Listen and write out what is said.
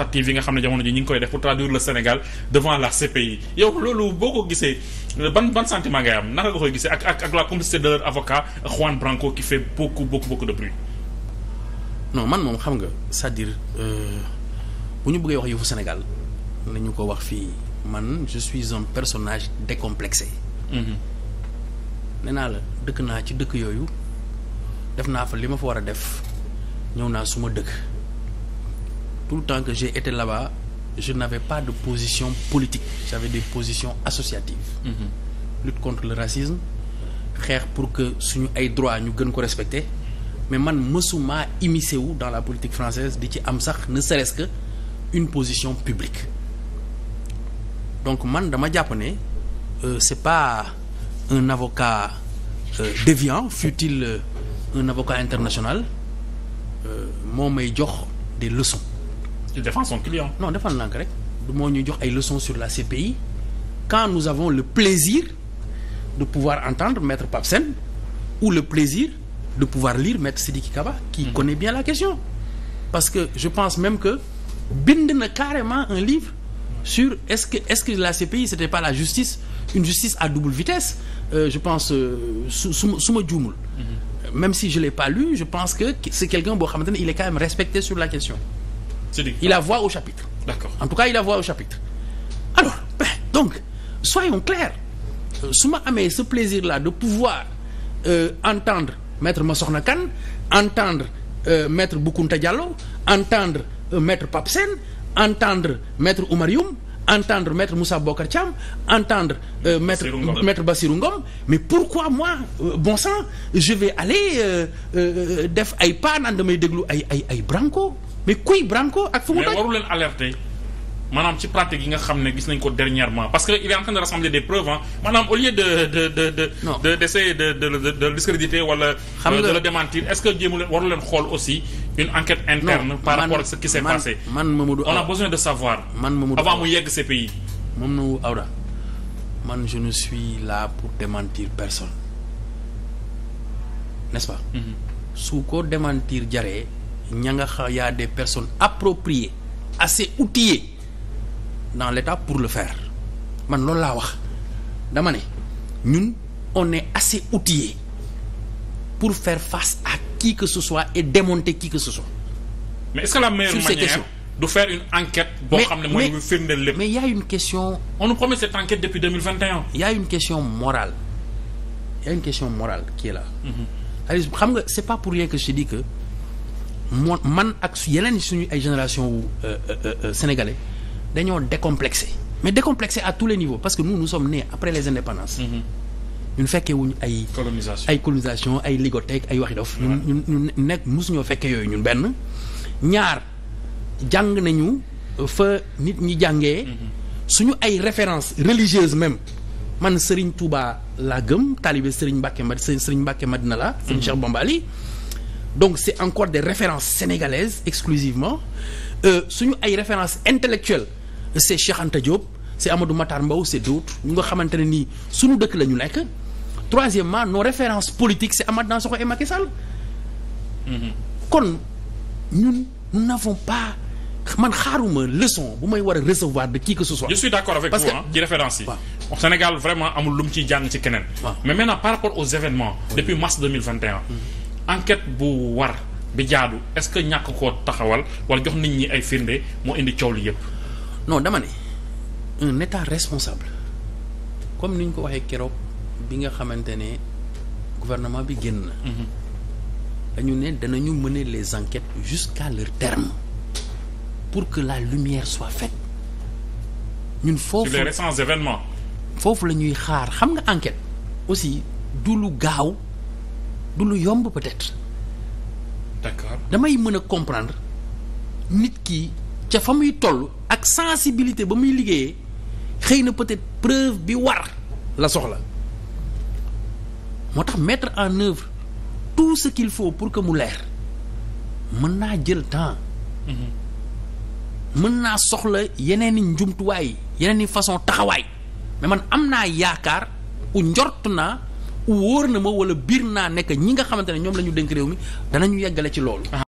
tentative yi nga xam ne jamono ji ñu ngi koy def pour traduire le Sénégal devant la CPI yow loolu boo ko gisee ban ban sentiment ngay am naka koy gisee ak ak ak la complicité de leur avocat Juan Branco qui fait beaucoup beaucoup beaucoup de bruit. man moom xam nga sa à dire euh, bu ñu bëggee wax yëfu Sénégal nañu ko wax fii man je suis un personnage décomplexé. Mhm. nee naa la dëkk naa ci dëkk yooyu def naa fa li ma fa war a def ñëw naa suma dëkk. tout le temps que j'ai été là-bas je n'avais pas de position politique j'avais des positions associatives mm lutte contre le racisme xeex pour que suñu ay droits ñu gën ko respecter mais man mësuma immiscé wu dans la politique française di ci am sax ne serait que une position publique donc man dama jàpp ne euh, c'est pas un avocat euh, déviant il euh, un avocat international euh, moo may jox des leçons il défend son client. non defal naa ko rek du moo ñuy jox ay leçons sur la CPI quand nous avons le plaisir de pouvoir entendre maître Pape Sène ou le plaisir de pouvoir lire maître Sidiki Kaba qui mm. connaît bien la question parce que je pense même que bind na carrément un livre sur est-ce que est-ce que la CPI c'était pas la justice une justice à double vitesse euh, je pense su euh, su su ma juumul mm-hmm. même si je l'ai pas lu je pense que c'est quelqu'un boo xamante ne il est quand même respecté sur la question Il a voix au chapitre. En tout cas, il a voix au chapitre. Alors, ben, donc, soyons clairs. Euh, Souma amee ce plaisir-là de pouvoir euh, entendre maître Massokhna Kane, entendre euh, maître Boukounta Diallo, entendre euh, maître Pape Sène, entendre maître Oumar Youm, entendre maître Moussa Bokar Thiam, entendre euh, maître maître Bassirou Ngom, mais pourquoi moi euh, bon sang je vais aller def ay paa naan damay déglu ay ay ay branco mais kuy Branco ak fu mu. mais waru leen alerté maanaam ci pratique yi nga xam ne gis nañ ko dernièrement parce que il est en train de rassembler des preuves ah au lieu de de de de. de de de de wala. xam euh, nga de le démentir est ce que jéemu leen waru leen xool aussi une enquête interne. par rapport ak ce qui s' est passé man man Mamadou on a besoin de savoir. man Mamadou avant mu yegg ces pays. Mamadou Aouda man je ne suis là pour démentir personne n'est-ce pas. Mhm. su ko démentir jaree. ña nga xa y a des personnes appropriées assez outillées dans l'État pour le faire man loolu laa wax dama ne ñun on est assez outillés pour faire face à qui que ce soit et démonter qui que ce soit. mais est-ce que la meilleure manière de faire une enquête. boo xam ne mooy firndeel lépp mais mais y a une question. on nous promet cette enquête depuis 2021. y une question morale y a une question morale qui est mm-hmm. xam nga c'est pas pour rien que je te que. moo man ak su yeneen suñu ay génération wu euh, euh, euh, sénégalais dañoo décomplexé mais décomplexé à tous les niveaux parce que nous nous sommes nés après les indépendances mm-hmm. ñun fekkee wuñu ay ay colonisation ay ligothèque ay waxi dof ñun ñun ñun nekk mosuñoo fekkee yooyu ñun benn ñaar jàng nañu fa nit ñi jàngee mm-hmm. suñu ay références religieuses même man Serigne Touba laa gëm taalibe Serigne Mbacke Mad Serigne Mbacke Madina la Serigne mm-hmm. Cheikh Bombali donc c' encore des références sénégalaises exclusivement euh, suñu ay références intellectuelles c' est Cheikh Anta Diop c' est Amadou Matar Mbow c' est nga xamante ne nii suñu dëkk la ñu nekk troisièmement nos références politiques c' est Amath Dansokho et Macky Sall kon ñun nous pas man xaaruma leçon bu may war a recevoir de qui que ce soit. je suis ci référence yi. Sénégal vraiment amul lu mu ciy jàng ci keneen. mais maintenant par rapport mille vingt enquête bu war bi jaadu est-ce que ñàkk ko taxawal wala jox nit ñi ay firnde moo indi coow li yëpp. non dama ne un responsable comme ni ñu ko waxee keroog bi nga xamante ne gouvernement bi génn na. Mhm. dañu ne danañu mener les enquêtes jusqu'à leur terme pour que la lumière soit faite ñun foofu. sur foofu la ñuy xaar xam nga enquête aussi du lu gaaw. du lu yomb peut-être. d'accord damay mën a comprendre nit ki ca fa muy toll ak sensibilité ba muy liggéeyee xëy na peut-être preuve bi war la soxla moo tax mettre en œuvre tout sa qu'il faut pour que mu leer mën naa jël temps. Mm-hmm. mën naa soxla yeneen i njumtuwaay yeneen i façon taxawaay mais man am naa yaakaar u njort naa. wóor na ma wala biir naa nekk ñi nga xamante ne ñoom la ñu dénk réew mi danañu yeggale ci loolu.